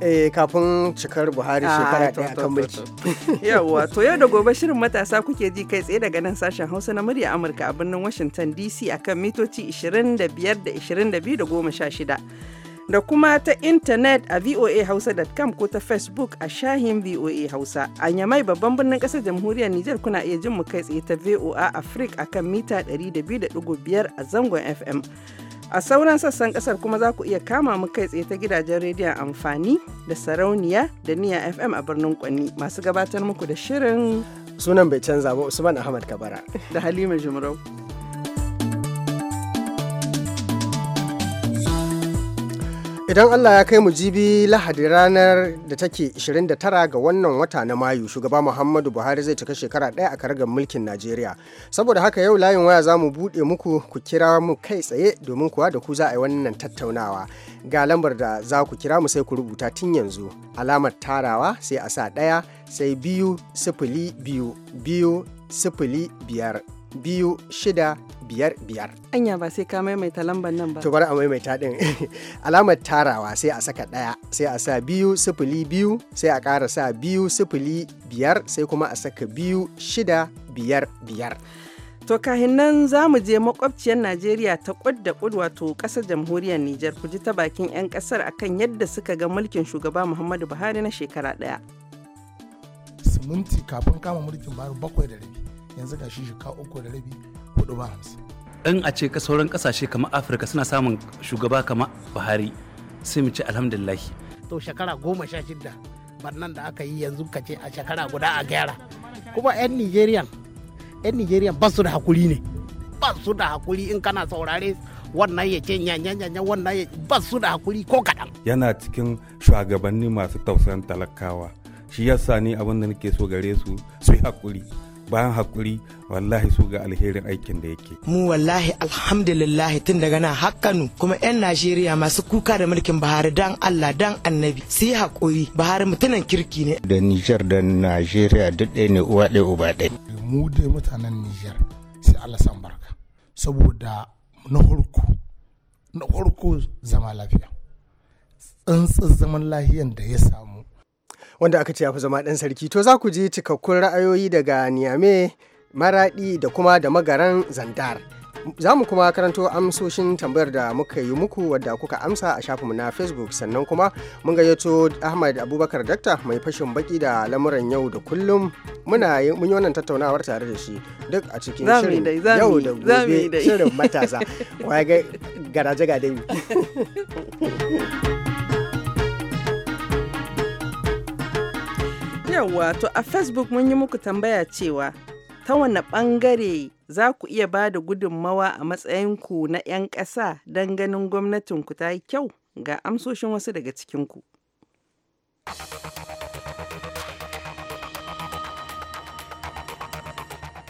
eh kafin cikar buhari ah, shekara ɗaya kan mulki yawa to yau da gobe shirin matasa kuke ji kai tsaye daga nan sashen hausa na murya amurka a birnin washington dc akan mitoci 25 da 22 da 16 da kuma ta intanet a voahausa.com ko ta facebook a shahin voa hausa a yamai babban birnin kasar jamhuriyar nijar kuna iya jin mu kai tsaye ta voa africa akan mita 102.5 a zangon fm A sauran sassan kasar kuma za ku iya kama mu kai tsaye ta gidajen rediyon amfani da sarauniya da niya FM a birnin Kwanni masu gabatar muku da shirin. Sunan bai canza ba Usman Ahmad Kabara. da Halima Jumrau. Idan Allah ya kai mu jibi Lahadi ranar da take 29 ga wannan wata na Mayu, shugaba Muhammadu Buhari zai cika shekara ɗaya a kargar mulkin Najeriya. Saboda haka yau layin waya za mu buɗe muku ku kira mu kai tsaye domin kuwa da ku za a yi wannan tattaunawa. Ga lambar da za ku kira mu sai ku rubuta tun yanzu. Alamar tarawa sai a sa ɗaya sai biyu sifili biyu biyu sifili biyar biyu shida biyar biyar. Anya ba sai ka maimaita lambar nan ba. To bari a maimaita din. Alamar tarawa sai a saka ɗaya sai a sa biyu sifili biyu sai a ƙara sa biyu sifili biyar sai kuma a saka biyu shida biyar biyar. To kahin nan za mu je makwabciyar Najeriya ta kud da kud wato ƙasar jamhuriyar Nijar ku ji ta bakin 'yan ƙasar akan yadda suka ga mulkin shugaba Muhammadu Buhari na shekara ɗaya. Siminti kafin kama mulkin baru bakwai da rabi yanzu ga shi shika uku da rabi hudu ba hamsin in a ce sauran kasashe kamar afirka suna samun shugaba kamar buhari sai mu ce alhamdulillah to shekara goma sha shidda bannan da aka yi yanzu ka ce a shekara guda a gyara kuma 'yan nigerian 'yan nigerian ba su da hakuri ne ba su da hakuri in kana saurare wannan ya ce nyanyanya wannan ya ba su da hakuri ko kaɗan yana cikin shugabanni masu tausayin talakawa shi yasa ne abin da nake so gare su su yi hakuri bayan hakuri wallahi su ga alherin aikin da yake mu wallahi alhamdulillah tun daga nan har kuma yan Najeriya masu kuka da mulkin Buhari dan Allah dan Annabi su yi hakuri Buhari mutunan kirki ne da nijar da Najeriya duk ɗaya ne uwa ɗaya uba ɗaya mu da mutanen Niger sai Allah san barka saboda na farko na farko zama lafiya Tsantsan zaman lahiyan da ya samu wanda aka ce ya fi zama ɗan sarki to za ku ji cikakkun ra'ayoyi daga niyame maraɗi da kuma da magaran zandar za mu kuma karanto amsoshin tambayar da muka yi muku wadda kuka amsa a shafinmu na facebook sannan kuma mun gayyato ahmad abubakar dakta mai fashin baki da lamuran yau da kullum muna mun yi wannan tattaunawar tare da shi duk a cikin shirin yau da gobe shirin matasa waya garaje ga dai Yawwa to a Facebook mun yi muku tambaya cewa ta wane ɓangare za ku iya ba da gudunmawa a matsayinku na 'yan ƙasa don ganin gwamnatinku ta yi kyau ga amsoshin wasu daga cikinku.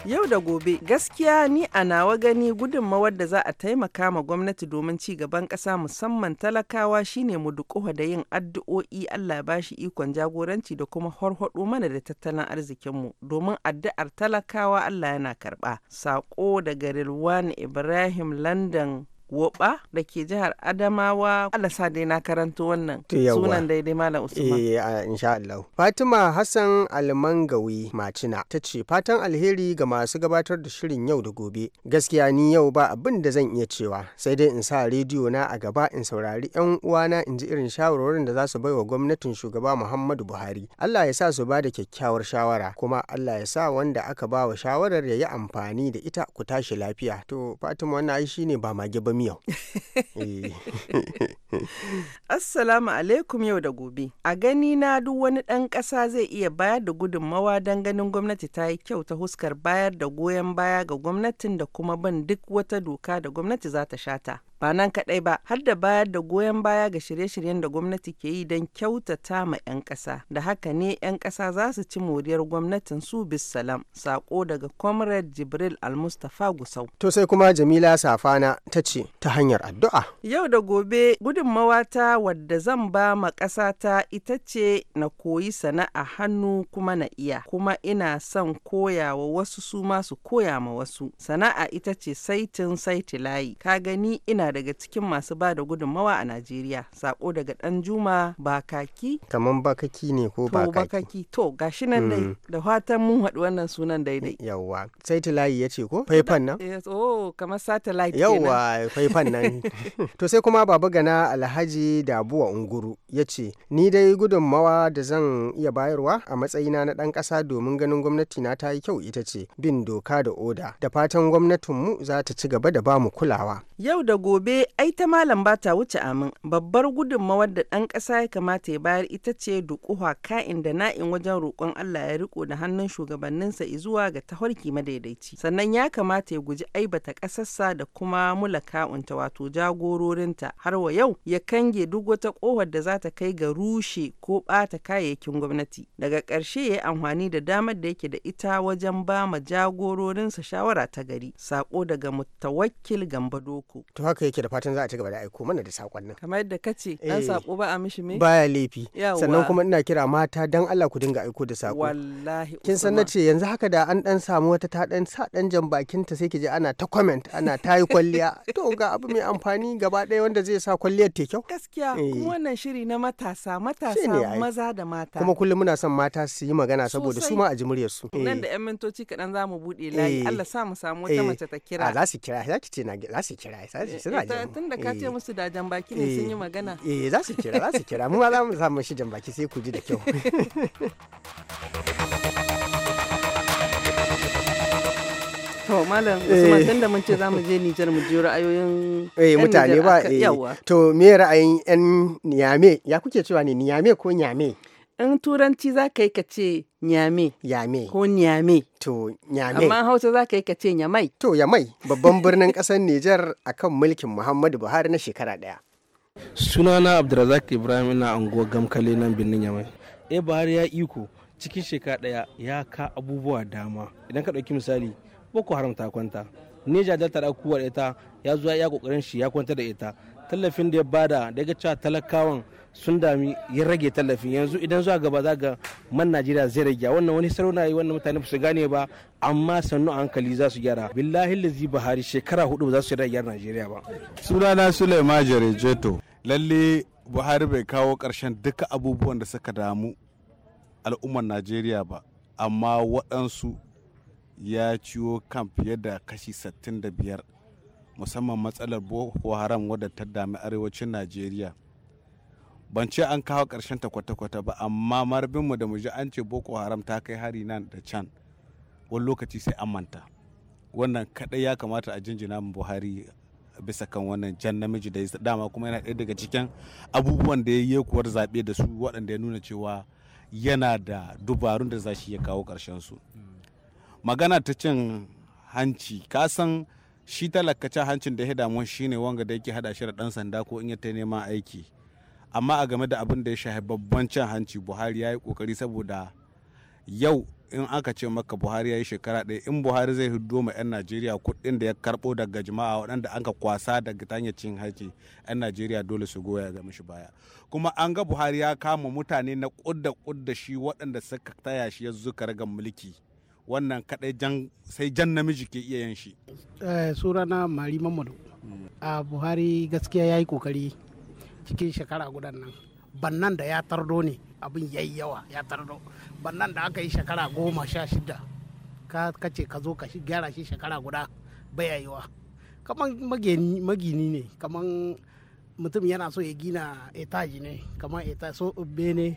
Yau da gobe gaskiya ni a nawa gani gudunmawar da za a taimaka ma gwamnati domin ci gaban ƙasa musamman talakawa shine mu duƙuwa da yin addu'o'i Allah bashi ikon jagoranci da kuma horhoɗo mana da tattalin arzikinmu domin addu'ar talakawa Allah yana karɓa. Sako daga Rilwan Ibrahim London woba da ke jihar adamawa Allah sa dai na karanto wannan sunan daidai malam usman eh insha Allah Fatima Hassan Almangawi Macina ta ce fatan alheri ga masu gabatar da shirin yau da gobe gaskiya ni yau ba abin da zan iya cewa sai dai in sa rediyo na a gaba in saurari yan uwana in ji irin shawarwarin da za su baiwa gwamnatin shugaba Muhammadu Buhari Allah ya sa su ba da kyakkyawar shawara kuma Allah ya sa wanda aka ba wa shawarar ya yi amfani da ita ku tashi lafiya to Fatima wannan ai shine ba mage ba みよう。え ー Assalamu alaikum yau da gobe. A gani na duk wani ɗan ƙasa zai iya bayar da gudunmawa don ganin gwamnati ta yi kyau ta huskar bayar da goyon baya ga gwamnatin da kuma bin duk wata doka da gwamnati za ta shata. Ba nan kaɗai ba, har da bayar da goyon baya ga shirye-shiryen da gwamnati ke yi don kyautata ma 'yan ƙasa. Da haka ne 'yan ƙasa za su ci moriyar gwamnatin su bis salam. Sako daga Comrade Jibril al Almustafa Gusau. To sai kuma Jamila Safana ta ce ta hanyar addu'a. Yau da gobe gudunmawa ta wadda zan ba ma ƙasata ita ce na koyi sana'a hannu kuma na iya, kuma ina son koya wa wasu su ma su koya ma wasu. Sana'a ita ce saitin saiti layi. Ka gani ina daga cikin masu ba da gudunmawa a Najeriya. Sako daga ɗan Juma Bakaki. Kaman Bakaki ne ko Bakaki? To Bakaki. To gashi nan dai mm. da fatan mun haɗu wannan sunan daidai. Yawwa. Saiti layi ya ce ko? Faifan nan? Eh, oh, kamar satellite kenan. Yawwa faifan nan. to sai kuma Baba Gana Alhaji da yabuwa unguru ya ce ni dai gudunmawa da zan iya bayarwa a matsayina na ɗan ƙasa domin ganin gwamnati na ta yi kyau ita ce bin doka da oda da fatan gwamnatinmu za ta ci gaba da bamu kulawa yau da gobe ai ta malam ba ta wuce amin babbar gudunmawar da ɗan ƙasa ya kamata ya bayar ita ce dukuwa ka'in da na'in wajen roƙon Allah ya riko da hannun shugabanninsa izuwa ga tahorki madaidaici sannan ya kamata ya guji aibata ƙasarsa da kuma mulaka'unta wato jagororinta har wa yau ya kange duk wata kohar da za ta kai ga rushe ko ɓata kayayyakin gwamnati. Daga ƙarshe ya yi amfani da damar da yake da ita wajen ba ma jagororinsa shawara ta gari. Sako daga mutawakkil Gamba Doko. To haka yake da fatan za a ci gaba da aiko mana da sakonnin. Kamar yadda ka ce, ɗan eh, sako ba a mishi me? Baya laifi. Sannan kuma ina kira mata dan Allah ku dinga aiko da sako. Wallahi. Kin san na ce yanzu haka da an dan samu wata ta ɗan sa ɗan jan bakinta sai ki je ana ta comment ana tayi yi kwalliya. to ga abu mai amfani gaba ɗaya wanda zai sa kwalliyar ta kyau. Gaskiya da eh. wannan shiri na matasa matasa maza da mata kuma kullum muna son mata su yi magana saboda su ma a ji muryar su nan da yan eh. mintoci kaɗan za mu buɗe layi eh. Allah sa mu samu wata mace ta kira a za su kira za ki ce na za su kira za su suna jin tun da ka ce musu da jan baki ne sun yi magana eh za su kira za su kira mu ma za mu samu shi jan baki sai ku ji da kyau To malam Usman matan eh. da mun ce za mu je Nijar mu jiyo ra'ayoyin eh mutane ba eh. to me ra'ayin yan Niyame ya kuke cewa ne Niyame ko Nyame in turanci za ka yi ka ce nyame yame ko nyame to nyame amma hausa za ka yi ka ce nyamai to yamai babban birnin kasar Nijar akan mulkin Muhammadu Buhari na shekara ɗaya sunana Abdulrazak Ibrahim ina anguwar gamkale nan birnin yamai eh Buhari ya iko cikin shekara daya ya ka abubuwa dama idan ka ɗauki misali boko haram ta kwanta neja delta da kuwar ita ya zuwa ya kokarin shi ya kwanta da ita tallafin da ya bada daga cewa talakawan sun dami ya rage tallafin yanzu idan zuwa gaba za ga man najeriya zai rage wannan wani sarauna yi wannan mutane su gane ba amma sannu a hankali za su gyara billahi lazi buhari shekara hudu ba za su rage najeriya ba sunana suleiman jeto lalle buhari bai kawo karshen duka abubuwan da suka damu al'ummar najeriya ba amma waɗansu ya ciwo kan fiye da kashi 65 musamman matsalar boko haram wadda ta dami arewacin najeriya ban ce an kawo karshen ta kwata-kwata ba amma mu da muji an ce boko haram ta kai hari nan da can wani lokaci sai an manta wannan kaɗai ya kamata a jinjina mu buhari bisa kan wannan jan namiji da dama kuma yana ɗaya daga cikin abubuwan da ya yi kuwar zaɓe da su waɗanda ya nuna cewa yana da dubarun da za shi ya kawo ƙarshen su. Hmm. magana ta cin hanci kasan san shi talakacin hancin da ya damu shi ne wanga da yake hada shi da dan sanda ko in ya ta neman aiki amma a game da abin da ya shafi babban cin hanci buhari ya yi kokari saboda yau in aka ce maka buhari ya yi shekara ɗaya in buhari zai hiddo ma 'yan najeriya kuɗin da ya karɓo daga jama'a waɗanda an kwasa daga tanyar cin hanci 'yan najeriya dole su goya ga mishi baya kuma an ga buhari ya kama mutane na ƙudda ƙudda shi waɗanda suka taya shi ya zuka ragan mulki wannan kadai jan sai jan namiji ke iya yin shi eh, sunana mari mamadu a buhari gaskiya ya yi kokari cikin shekara gudan nan bannan da ya tardo ne abin ya yi yawa ya tardo bannan da aka yi shekara goma sha shida ka kace ka zo ka gyara shi shekara guda bai wa. kamar magini ne kamar mutum yana so ya gina etaji ne kamar etaji so bene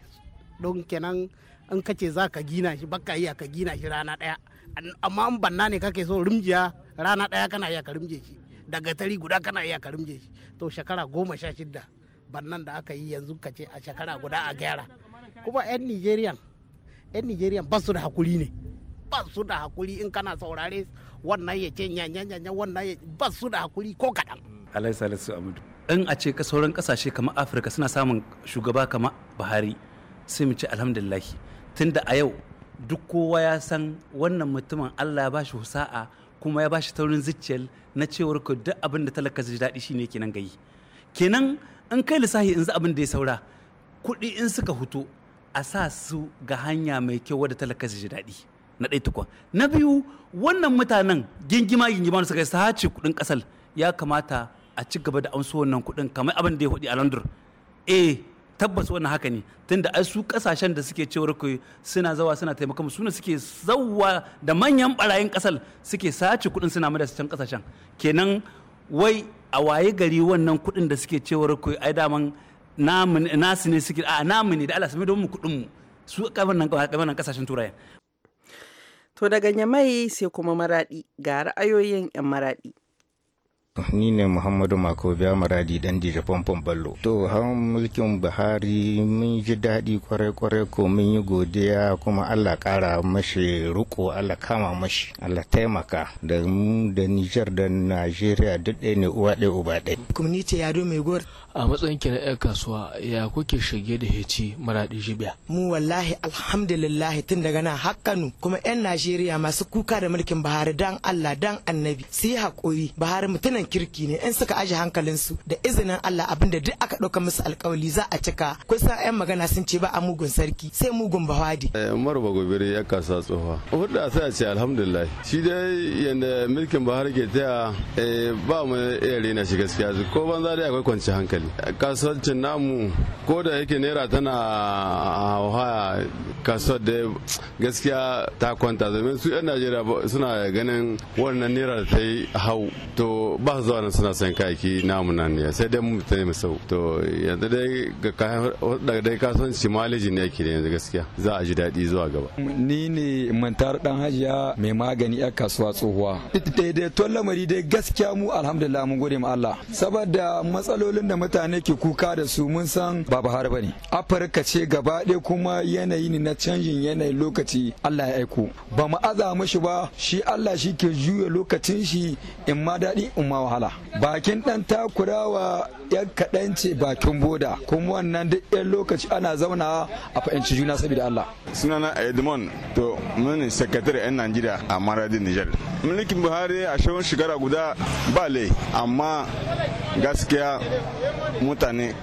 don kenan in ka ce za ka gina shi baka iya ka gina shi rana daya amma in banna ne kake so rumjiya rana daya kana iya ka rumje shi daga tari guda kana iya ka rumje shi to shekara goma sha shidda bannan da aka yi yanzu ka ce a shekara guda a gyara kuma yan nigerian yan nigerian ba su da hakuri ne ba su da hakuri in kana saurare wannan ya ce nyanya wannan ya ba su da hakuri ko kaɗan. alai salisu amadu in a ce sauran kasashe kamar afirka suna samun shugaba kamar buhari sai mu ce alhamdulillahi tunda a yau duk kowa ya san wannan mutumin Allah ya bashi husa'a kuma ya bashi taurin zuciyar na cewar ku duk abin da talaka ji daɗi shine kenan gayi kenan in kai lissahi in za abin da ya saura kuɗi in suka hutu a sa su ga hanya mai kyau wadda talaka ji daɗi na ɗaya tukwa na biyu wannan mutanen gingima gingima su kai sace kuɗin ƙasar ya kamata a ci gaba da amsu wannan kuɗin kamar abin da ya hudu a london eh tabbas wannan haka ne tunda ai su kasashen da suke cewar ku suna zawa suna taimaka su ne suke zawa da manyan barayin kasar suke sace kuɗin suna mada can kasashen kenan wai a waye gari wannan kuɗin da suke cewar ku ai daman nasu ne suke a namu ne da Allah sami don mu kuɗin mu su nan kasashen turai to daga nyamai sai kuma maradi ga ra'ayoyin yan maradi ni ne muhammadu mako biya maradi dan dija famfon ballo to hawan mulkin buhari mun ji daɗi kwarai-kwarai ko mun yi godiya kuma allah ƙara mashi riko allah kama mashi allah taimaka da mu da nijar da najeriya duk ɗaya ne uwa ɗaya uba ɗaya ya do mai gori. a matsayin ki na kasuwa ya kuke shige da heci maradi jibiya mu wallahi alhamdulillah tun daga nan hakanu. kuma 'yan najeriya masu kuka da mulkin buhari dan allah dan annabi su yi haƙuri buhari mutumin kirki ne in suka aje hankalinsu da izinin Allah abinda duk aka ɗauka musu alkawali za a cika kusan 'yan magana sun ce ba a mugun sarki sai mugun bahwadi. Eh, Umar Bagobiri ya kasa tsofa. Hudda sai a ce alhamdulillah. Shi dai yanda mulkin Buhari ke taya eh, ba mu iya rena shi gaskiya ko banza da akwai kwanci hankali. Kasuwancin namu ko da yake naira tana hauhaya kasuwar da gaskiya ta kwanta domin su 'yan Najeriya suna ganin wannan naira ta yi hau to ba ba su zuwa nan suna sayan kayayyaki namu nan ne sai dai mu mutane mu sau to yanzu dai ga daga dai kasuwanci maleji ne yake ne yanzu gaskiya za a ji daɗi zuwa gaba ni ne mantar dan hajiya mai magani a kasuwa tsohuwa daidai tun lamari dai gaskiya mu alhamdulillah mun gode ma Allah saboda matsalolin da mutane ke kuka da su mun san ba bahar bane afirka ce gaba ɗaya kuma yanayi ne na canjin yanayin lokaci Allah ya aiko ba mu aza mashi ba shi Allah shi ke juya lokacin shi in ma daɗi in ma wahala bakin dan takurawa yan kaɗan ce bakin boda kuma wannan duk yan lokaci ana zauna a fahimci juna saboda Allah sunana Edmond to mun sakatare yan Najeriya a Maradi nijar. mulkin Buhari a shawon shigara guda ba lai amma gaskiya mutane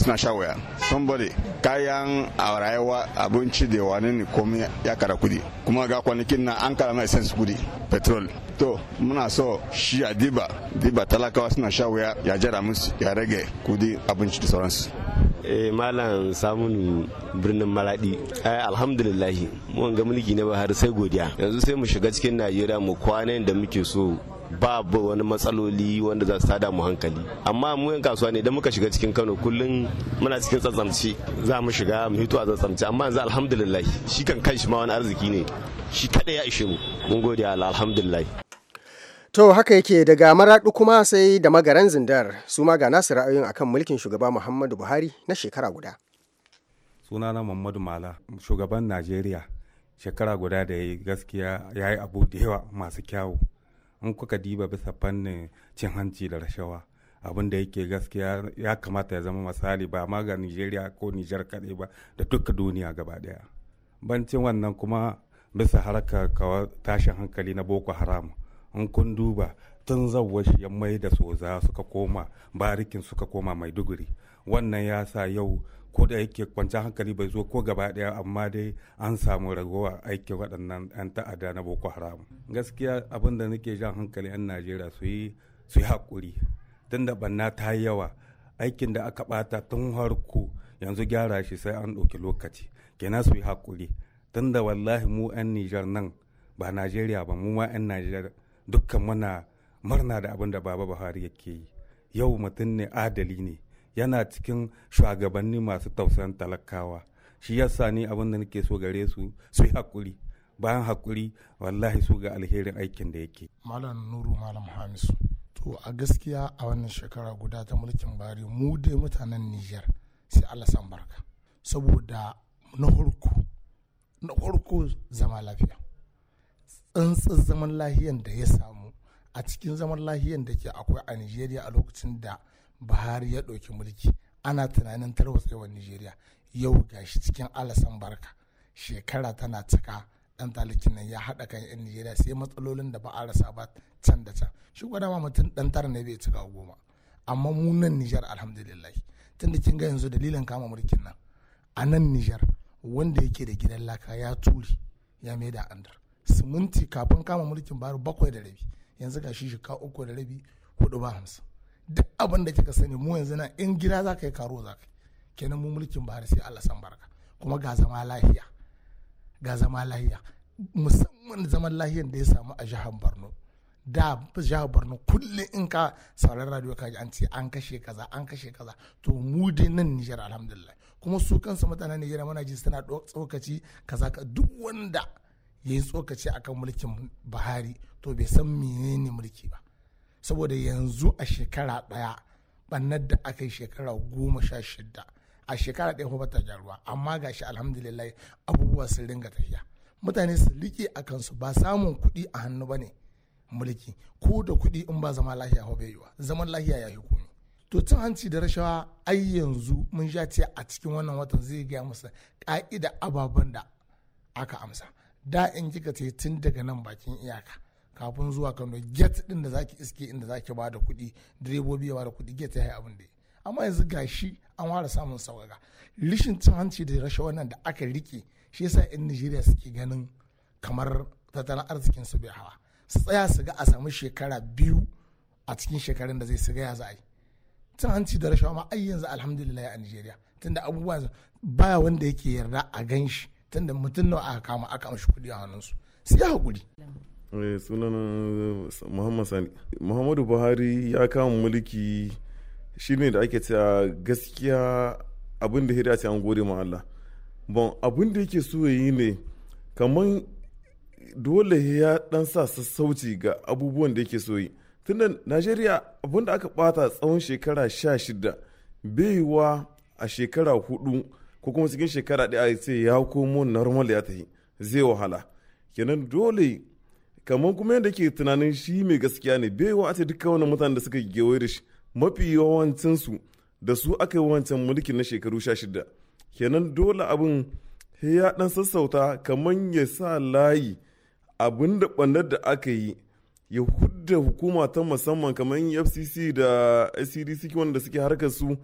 suna sha waya somebody kayan a rayuwa abinci da wani ne komai ya kara kudi kuma ga kwanakin na an kara mai sense kudi petrol to muna so shi a diba diba talakawa suna sha waya ya jara musu ya rage kudi abinci da sauransu eh, malam samun birnin maladi ai eh, alhamdulillahi mun ga mulki ne ba har sai godiya yanzu sai mu shiga cikin najeriya mu kwanan da muke so babu wani matsaloli wanda za su tada mu hankali amma mu yan kasuwa ne idan muka shiga cikin Kano kullum muna cikin tsatsamci za mu shiga mu hito a tsatsamci amma yanzu alhamdulillah shi kan kanshi ma wani arziki ne shi kada ya ishe mu mun gode Allah alhamdulillah To haka yake daga maraɗu kuma sai da magaran zindar su ma ga nasu ra'ayoyin akan mulkin shugaba Muhammadu Buhari na shekara guda. Sunana Muhammadu Mala, shugaban Najeriya, shekara guda da ya yi gaskiya ya yi abu da yawa masu kyawu. in kuka diba bisa fannin cin hanci da rashawa abin da yake gaskiya ya kamata ya zama misali ba ma ga nigeria ko nijar kaɗai ba da duka duniya gaba ɗaya bancin wannan kuma bisa harkar kawa tashin hankali na boko haram in kun duba tun zawar ya mai da soza suka koma barikin suka koma maiduguri wannan ya sa yau ko da yake kwanciyar hankali bai zo ko gaba daya amma dai an samu ragowa aikin waɗannan 'yan ta'adda na boko haram gaskiya abin da nake jan hankali 'yan najeriya su yi su yi haƙuri tun da banna ta yi yawa aikin da aka ɓata tun harko yanzu gyara shi sai an ɗauki lokaci kenan su yi haƙuri tun da wallahi mu 'yan nijar nan ba najeriya ba mu ma 'yan najeriya dukkan muna murna da abin da baba buhari yake yi yau mutum ne adali ne yana cikin shugabanni masu tausayin talakawa shi yasa ni abin da nake so gare su su yi hakuri bayan haƙuri wallahi su ga alherin aikin da yake malam nuru malam hamisu to a gaskiya a wannan shekara guda ta mulkin bari mu dai mutanen niger sai allah san barka saboda na farko na farko zama lafiya tsantsa zaman lahiyan da ya samu a cikin zaman lahiyan da ke akwai a nigeria a lokacin da buhari ya ɗauki mulki ana tunanin tarwatsewa nigeria yau gashi cikin alasan barka shekara tana cika dan talikin nan ya haɗa kan 'yan nigeria sai matsalolin da ba a rasa ba can da can shi ma mutum dan tara ne bai cika goma amma mu nan nijar alhamdulillah tunda kin ga yanzu dalilin kama mulkin nan a nan nijar wanda yake da gidan laka ya turi ya mai da andar siminti kafin kama mulkin baro bakwai da rabi yanzu ga shi shika uku da rabi hudu ba hamsin duk abin da kika sani mu yanzu na in gida za ka yi karo za ka kenan mu mulkin bahar sai Allah san barka kuma ga zama lahiya ga zama lahiya musamman zaman lahiyar da ya samu a jihar Borno da jihar Borno kullum in ka saurar radio ka ji an ce an kashe kaza an kashe kaza to mu dai nan Nijar alhamdulillah kuma su kansu mutanen Nijar mana ji suna tsokaci kaza ka duk wanda ya yi tsokaci akan mulkin Buhari to bai san menene mulki ba saboda yanzu a shekara ɗaya bannar da aka yi shekara goma sha shida a shekara ɗaya Kuma ta jaruwa amma ga shi alhamdulillah abubuwa sun ringa tafiya mutane su rike a kansu ba samun kuɗi a hannu ba ne mulki ko da kuɗi in ba zama lahiya ba bai wa zaman lahiya ya yi komi to cin hanci da rashawa ai yanzu mun sha ce a cikin wannan watan zai gaya musu ƙa'ida ababen da aka amsa da in kika ce tun daga nan bakin iyaka kafin zuwa kano get din da zaki iske inda zaki ba da kuɗi direbobi ya ba da kuɗi get ya yi abin da amma yanzu gashi an fara samun sauƙaƙa rishin cin hanci da rashin wannan da aka rike shi yasa 'yan Nijeriya suke ganin kamar tattalin arzikin su bai hawa su tsaya su ga a samu shekara biyu a cikin shekarun da zai su ga ya za a yi cin hanci da rashawa ma ai yanzu alhamdulillah a Nijeriya tunda abubuwa baya wanda yake yarda a gan shi tunda mutum nawa aka kama aka amshi kuɗi a hannunsu su ya haƙuri. Eh, sunan eh, muhammad sani muhammadu buhari ya kama mulki shine da ake cewa gaskiya abin da ya ce an gode ma Allah bon abin da yake so yi ne kamar dole ya dan sa sassauci ga abubuwan da yake so yi tunda najeriya abin da aka bata tsawon shekara sha shida baiwa a shekara hudu ko kuma cikin shekara ɗaya sai ya komo normal ya tafi zai wahala kenan dole kamar kuma yadda ke tunanin shi mai gaskiya ne bai wa ta duka wani mutane da suka gewaye da shi mafi yawancinsu da su aka yi wancan mulkin na shekaru sha shida kenan dole abin ya dan sassauta kamar ya sa layi abin da ɓannar da aka yi ya hudda hukuma ta musamman kamar fcc da scdc wanda suke harkar su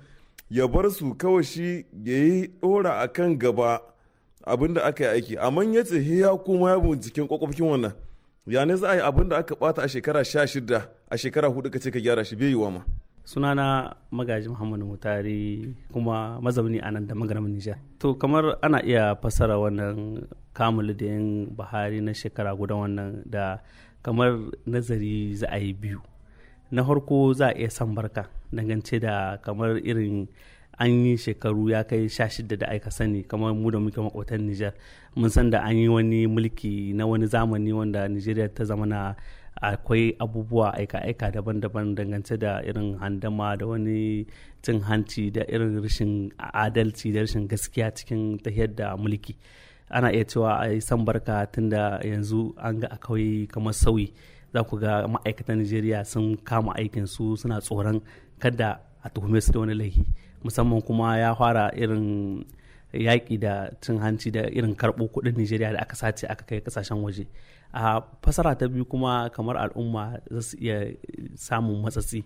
ya bar su kawai shi ya yi ɗora a kan gaba abin da aka yi aiki amma ya ce ya kuma ya binciken kwakwafkin wannan ya ne za a yi abin da aka bata a shekara sha shida a shekara hudu ka ce ka gyara shi bai yiwa ma sunana magaji muhammadu mutari kuma mazauni a nan da magaramin nijar to kamar ana iya fassara wannan kamulu da yin bahari na shekara guda wannan da kamar nazari za a yi biyu na farko za a iya san barka dangance da kamar irin an yi shekaru ya kai sha shida da aika sani kamar mu da muke makwatan Nijar mun san da an yi wani mulki na wani zamani wanda Nijeriya ta zama na akwai abubuwa aika-aika daban-daban dangance da irin handama da wani cin hanci da irin rashin adalci da rashin gaskiya cikin tahiyar da mulki ana iya cewa a yi san barka tunda yanzu an ga akwai kamar sauyi za ku ga ma'aikatan Nijeriya sun kama aikin su suna tsoron kada a tuhume su da wani laifi musamman kuma ya fara irin yaƙi da cin hanci da irin karɓo kuɗin Nijeriya da aka sace aka kai kasashen waje. A fasara ta biyu kuma kamar al'umma za su iya samun matsatsi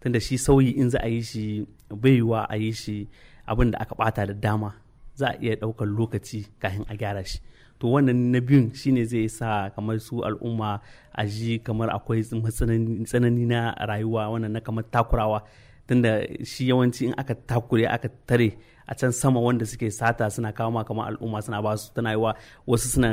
tunda shi sauyi in za a yi shi bai a yi shi abin da aka ɓata da dama za a iya ɗaukar lokaci kafin a gyara shi. to wannan na biyun shine zai sa kamar su al'umma a ji kamar akwai tsanani na rayuwa wannan na kamar takurawa tunda shi yawanci in aka takure aka tare a can sama wanda suke sata suna kawo ma kamar al'umma suna ba su tana yiwa wasu suna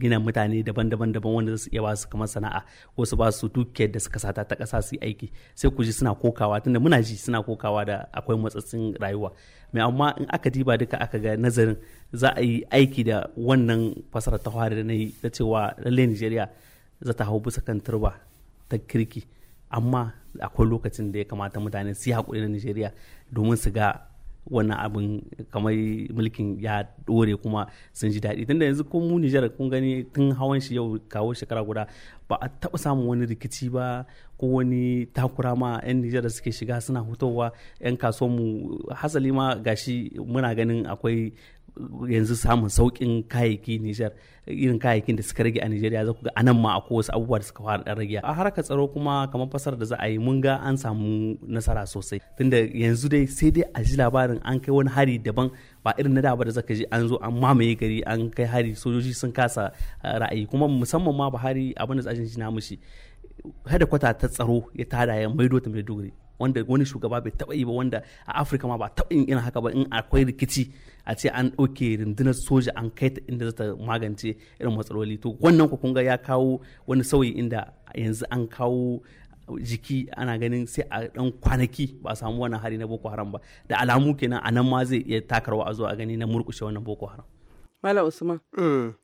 gina mutane daban-daban daban wanda su iya ba su kamar sana'a wasu ba su dukiyar da suka sata ta kasa su aiki sai ku ji suna kokawa tunda muna ji suna kokawa da akwai matsatsin rayuwa mai amma in aka diba duka aka ga nazarin za a yi aiki da wannan fasarar ta da na yi da cewa lallai Nigeria za ta hau bisa kan turba ta kirki amma akwai lokacin da ya kamata mutane su yi haƙuri na nigeria domin su ga wannan abin kamar mulkin ya dore kuma sun ji daɗi tunda yanzu ko mu Nijar kun gani tun hawan shi yau kawo shekara guda ba a taɓa samun wani rikici ba ko wani takura ma 'yan Nijar da suke shiga suna hutowa 'yan kasuwa mu hasali ma gashi muna ganin akwai yanzu samun saukin kayayyaki Nijar irin kayayyakin da suka rage a Nijeriya za ku ga anan ma akwai wasu abubuwa da suka fara dan rage a harkar tsaro kuma kamar fasar da za a yi mun ga an samu nasara sosai tunda yanzu dai sai dai a ji labarin an kai wani hari daban ba irin na da ba da zaka ji an zo an mamaye gari an kai hari sojoji sun kasa ah, ra'ayi kuma musamman ma Buhari abin da tsajin ji na mushi hada kwata ta tsaro ya tada ya maido ta Maiduguri wanda wani shugaba bai taba yi ba wanda a afirka ma ba taba yin irin haka ba in akwai rikici a ce an ɗauke rundunar soja an kai ta inda zata magance irin matsaloli to wannan ku kunga ya kawo wani sauyi inda yanzu an kawo jiki ana ganin sai a dan kwanaki ba a samu wannan hari na boko haram ba da alamu kenan a nan ma zai iya takarwa a zuwa a gani na murkushe wannan boko haram malam usman mm.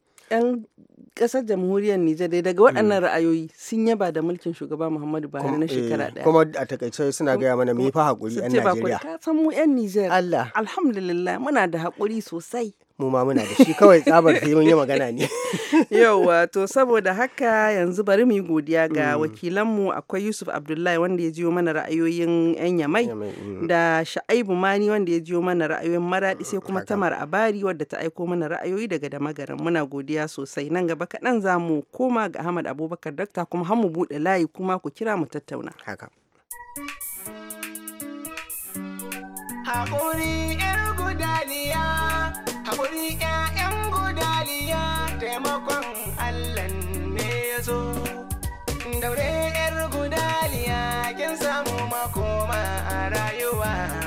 kasar jamhuriyar Nijar dai daga hmm. waɗannan ra'ayoyi sun yaba da mulkin shugaba Muhammadu Buhari na shekara eh, ɗaya. Kuma a takaice suna gaya mana mu yi fa haƙuri 'yan Najeriya. Ka san mu 'yan Nijar. Allah. Alhamdulillah muna da haƙuri sosai. mu ma muna da shi kawai tsabar sai mun yi magana ne yauwa to saboda haka yanzu bari mu yi godiya ga mm. wakilanmu akwai yusuf abdullahi wanda ya jiyo mana ra'ayoyin yan yamai mm. da sha'aibu mani wanda ya jiyo mana ra'ayoyin maraɗi sai kuma tamar abari wadda ta aiko mana ra'ayoyi daga dama garin muna godiya sosai nan gaba kaɗan za mu koma ga ahmad abubakar dakta kuma har mu buɗe layi kuma ku kira mu tattauna haka haƙuri 'yar gudaniya haƙuri ƴaƴan gudaliya taimakon allan ne ya zo daure ƴar gudaliya kin samu makoma a rayuwa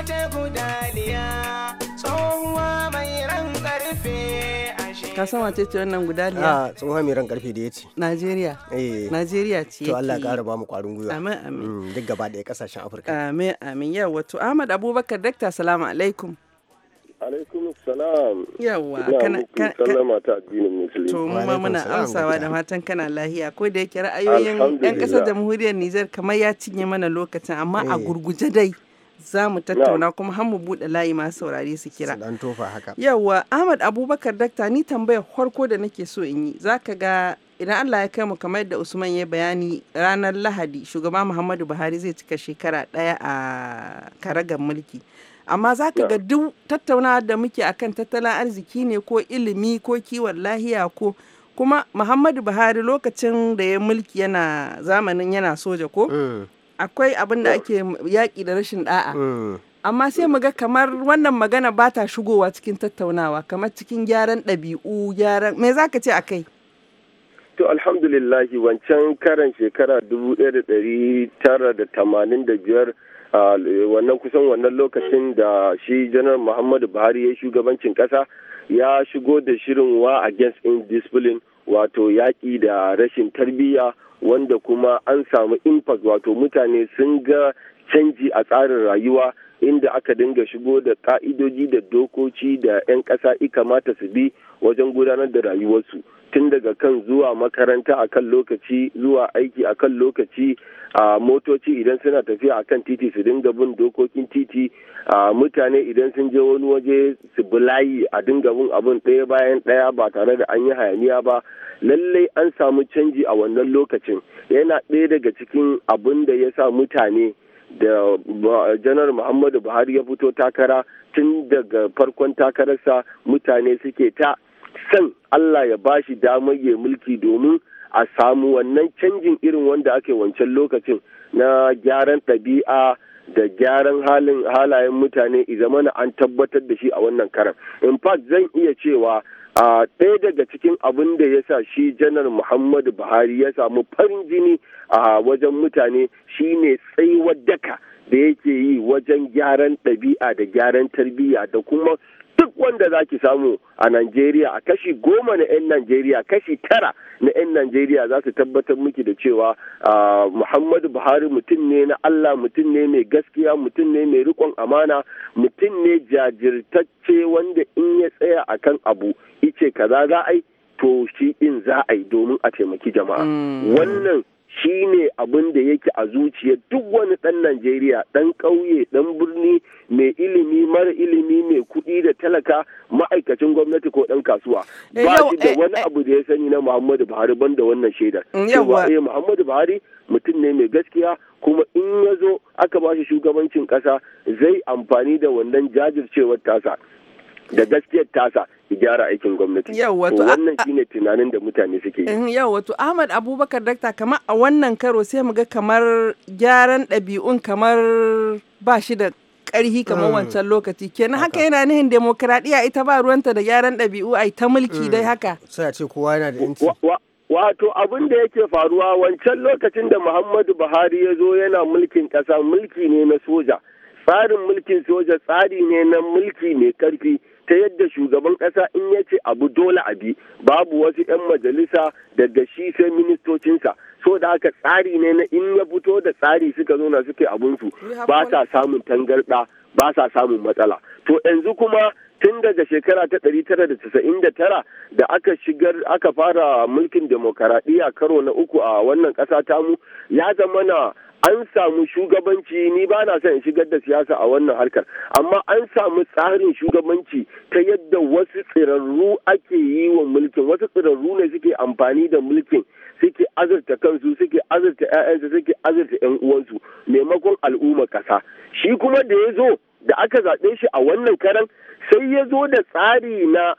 wata gudaliya tsohuwa mai ran karfe ka san wace ce wannan gudaliya a ah, tsohuwa mai ran karfe da ya ce najeriya eh. najeriya ce to allah ka ba mu ƙwarin gwiwa amin amin mm, duk gaba da kasashen afirka amin amin yawa wato ahmad abubakar dakta salamu alaikum alaikum salam yawa kana kana sallama ta addinin musulmi to mu ma muna amsawa da matan kana lahiya ko da yake ra'ayoyin yan kasar jamhuriyar Nijar kamar ya cinye mana lokacin amma a eh. gurguje dai za mu tattauna kuma har mu buɗe layi masu saurare su kira. Yawwa Ahmad Abubakar dakta ni tambayar farko da nake so in yi Za ka ga idan Allah ya kai mu kamar yadda Usman ya bayani ranar Lahadi shugaba Muhammadu Buhari zai cika shekara ɗaya a karagar mulki. amma za ka ga duk tattaunawa da muke akan tattalin arziki ne ko ilimi ko kiwon lahiya ko kuma muhammadu buhari lokacin da ya mulki yana zamanin yana soja ko mm. akwai abin da ake yaƙi da rashin ɗa'a mm. amma sai mu ga kamar wannan magana ba ta shigowa cikin tattaunawa kamar cikin gyaran ɗabi'u gyaran me za ka ce a kai to alhamdulillahi wancan karan shekara 1985 wannan kusan wannan lokacin da shi janar muhammadu buhari ya shugabancin ƙasa ya shigo da shirin wa against indiscipline wato yaƙi da rashin tarbiyya wanda kuma an samu impact wato mutane sun ga canji a tsarin rayuwa inda aka dinga shigo da ka'idoji da dokoki da 'yan ƙasa ikamata su bi wajen gudanar da rayuwarsu. tun daga kan zuwa makaranta a kan lokaci zuwa aiki a kan lokaci a motoci idan suna tafiya a kan titi su dinga bin dokokin titi a mutane idan sun je wani waje su bi a dinga bin abin ɗaya bayan ɗaya ba tare da an yi hayaniya ba lallai an samu canji a wannan lokacin yana ɗaya daga cikin abin da ya sa mutane da janar muhammadu buhari ya fito takara tun daga farkon takararsa mutane suke ta san Allah ya ba shi damar ya mulki domin a samu wannan canjin irin wanda ake wancan lokacin na gyaran ɗabi'a da gyaran halin halayen mutane izamana an tabbatar da shi a wannan karan in fact zan iya cewa a ɗaya daga cikin abin da ya sa shi janar muhammadu buhari ya samu farin jini a wajen mutane shi ne tsaiwar daka da yake yi wajen gyaran ɗabi'a da gyaran tarbiyya da kuma wanda za ki samu a Najeriya a kashi goma na 'yan Najeriya kashi tara na 'yan Najeriya za su tabbatar miki da cewa Muhammadu Buhari mutum ne na Allah mutum ne mai gaskiya mutum ne mai rikon amana mutum ne jajirtacce wanda in ya tsaya a kan abu ice kaza za a yi to shi in za a yi domin a taimaki jama'a mm. wannan shi ne abin da yake a zuciya duk wani ɗan Najeriya ɗan ƙauye ɗan birni mai ilimi mara ilimi mai kuɗi da talaka ma'aikacin gwamnati ko ɗan kasuwa eh, ba shi da eh, wani eh. abu da ya sani na Muhammadu Buhari ban da wannan shaidar mm, cewa eh Muhammadu Buhari mutum ne mai gaskiya kuma in ya zo aka ba shi shugabancin ƙasa zai amfani da wannan jajircewar tasa da gaskiyar tasa gyara aikin gwamnati. Yawwato. Wannan shine tunanin da mutane suke yi. Eh, Yawwato Ahmad Abubakar Dakta kamar a wannan karo sai mu ga kamar gyaran ɗabi'un kamar ba shi da ƙarhi kamar mm. wancan lokaci kenan haka yana nihin demokradiyya ita ba ruwanta da gyaran ɗabi'u ai ta mulki mm. dai haka. Sai a ce kowa yana da inci. Wato abin da yake faruwa wancan lokacin da Muhammadu Buhari ya zo yana mulkin ƙasa mulki ne na soja. Tsarin mulkin soja tsari ne na mulki mai karfi ta yadda shugaban kasa in ya ce abu dole a bi babu wasu 'yan majalisa daga shi sai ministocinsa so da haka tsari ne na in ya fito da tsari suka zo na suke abunsu ba sa samun tangarɗa ba sa samun matsala to yanzu kuma tun daga shekara ta 1999 da aka shigar aka fara mulkin demokaradiyya karo na uku a wannan ƙasa tamu ya zama na an samu shugabanci ni ba na son in shigar da siyasa a wannan harkar amma an samu tsarin shugabanci ta yadda wasu tsirarru ake yi wa mulkin wasu tsirarru ne suke amfani da mulkin suke azurta kansu suke azurta 'ya'yansu suke azurta 'yan uwansu maimakon al'umma kasa shi kuma da ya zo da aka zaɓe shi a wannan karan sai ya zo da tsari na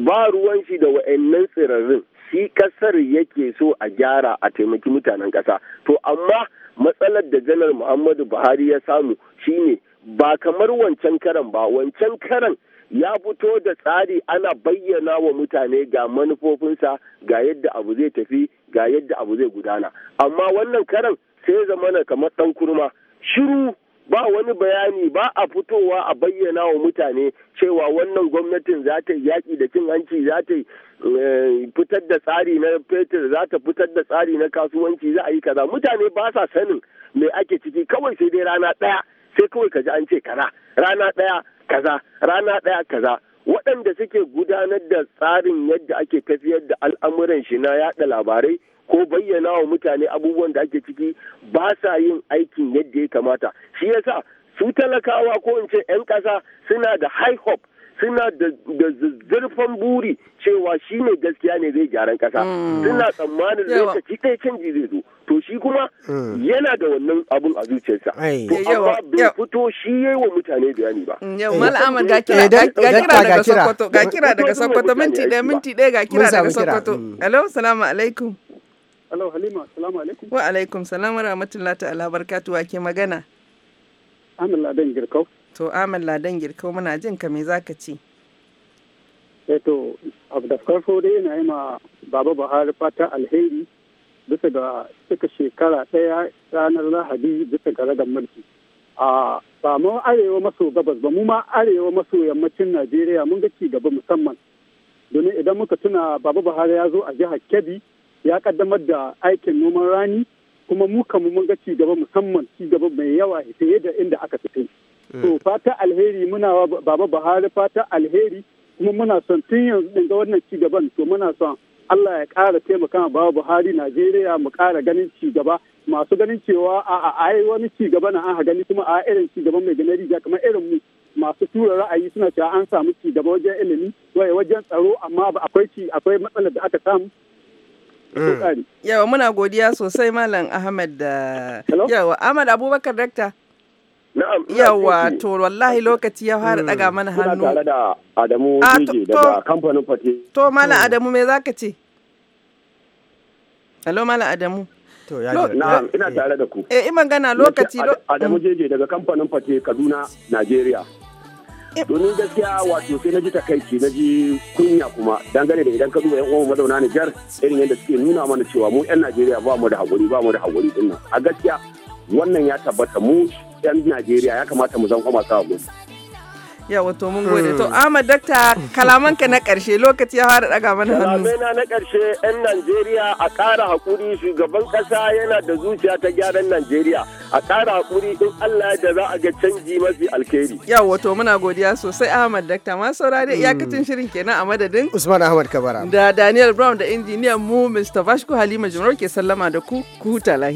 ba ruwan shi da wa'annan tsirarrun shi kasar yake so a gyara a taimaki mutanen kasa to amma matsalar da janar muhammadu buhari ya samu shine ba kamar wancan karan ba wancan karan ya fito da tsari ana bayyana wa mutane ga manufofinsa ga yadda abu zai tafi ga yadda abu zai gudana amma wannan karan sai zamana kamar ɗan kurma shiru ba wani bayani ba a fitowa a bayyana wa mutane cewa wannan gwamnatin za ta yi yaƙi da cin hanci za ta eh, fitar da tsari na fetur za ta fitar da tsari na kasuwanci za a yi kaza mutane ba sa sanin me ake ciki kawai sai dai rana ɗaya sai kawai ka ji an ce kaza rana ɗaya kaza rana ɗaya kaza waɗanda suke gudanar da tsarin yadda ake tafiyar da al'amuran shi na yaɗa labarai ko bayyana wa mutane abubuwan da ake ciki ba sa yin aikin yadda ya kamata shi yasa su talakawa ko in ce 'yan ƙasa suna da high hope suna da zurfan buri cewa shi ne gaskiya ne zai gyaran kasa mm. suna tsammanin lokaci ɗaya canji zai zo to shi kuma mm. yana da wannan abun a zuciyarsa to amma bai fito shi yayi wa mutane bayani ba mm, yau eh. mal'aman eh, eh, ga kira daga sokoto ga kira daga sokoto minti ɗaya minti ɗaya ga kira daga sokoto alo salamu alaikum Hello Halima, salamu alaikum. Wa alaikum salam wa lati ta'ala barkatu ke magana. Amin Ladan Girkau. To Amin Ladan Girkau muna jin ka me ka ce? Eh to abu da farko dai na yi ma Baba Buhari fata alheri bisa ga cika shekara ɗaya ranar Lahadi bisa ga ragar mulki. a ba mu arewa maso gabas ba mu ma arewa maso yammacin najeriya mun ga ci gaba musamman domin idan muka tuna baba buhari ya zo a jihar kebbi ya kaddamar da aikin noman rani kuma mu kamu mun ga cigaba musamman cigaba mai yawa fiye da inda aka fita. To eh. fata alheri muna wa baba Buhari fata alheri kuma muna son tun yanzu din ga wannan cigaban to muna son Allah ya kara taimaka ma baba Buhari Najeriya mu kara ganin cigaba masu ganin cewa a a ai wani cigaba na an gani kuma a irin cigaban mai gani riga kamar irin mu masu tura ra'ayi suna cewa an samu ci gaba wajen ilimi wajen tsaro amma ba akwai ci akwai matsalar da aka samu Eh. Yawa muna godiya sosai Malam Ahmad da yawa Ahmad Abubakar Dakta. Yawa to wallahi lokaci ya fara daga hmm. mana hannu. Kuna tare da Adamu DJ ah, daga kamfanin Fati. To Malam hmm. Adamu me zaka ce? Hello Malam Adamu. To ya Na'am ina eh. tare da ku. Eh magana lokaci Adamu jeje daga kamfanin Fati Kaduna Nigeria. domin gaskiya wato sai na ji takaici na ji kunya kuma dangane da idan ka duba yan uwan mazauna Nijar irin yadda suke nuna mana cewa mu yan Najeriya ba mu da hakuri ba mu da hakuri dinnan a gaskiya wannan ya tabbata mu yan Najeriya ya kamata mu zan kuma sa hakuri yawa to mun gode hmm. to Ahmad dakta kalaman ka na karshe lokaci ya fara daga mana hannu kalamai na karshe yan Najeriya a kara hakuri shugaban kasa yana da zuciya ta gyaran Najeriya a kara hakuri in Allah ya da za a ga canji mafi alkhairi yawa to muna godiya sosai Ahmad dakta ma saurare hmm. iyakacin shirin kenan a madadin Usman Ahmad Kabara da Daniel Brown da injiniyan mu Mr. Vashko Halima Jumar ke sallama da ku ku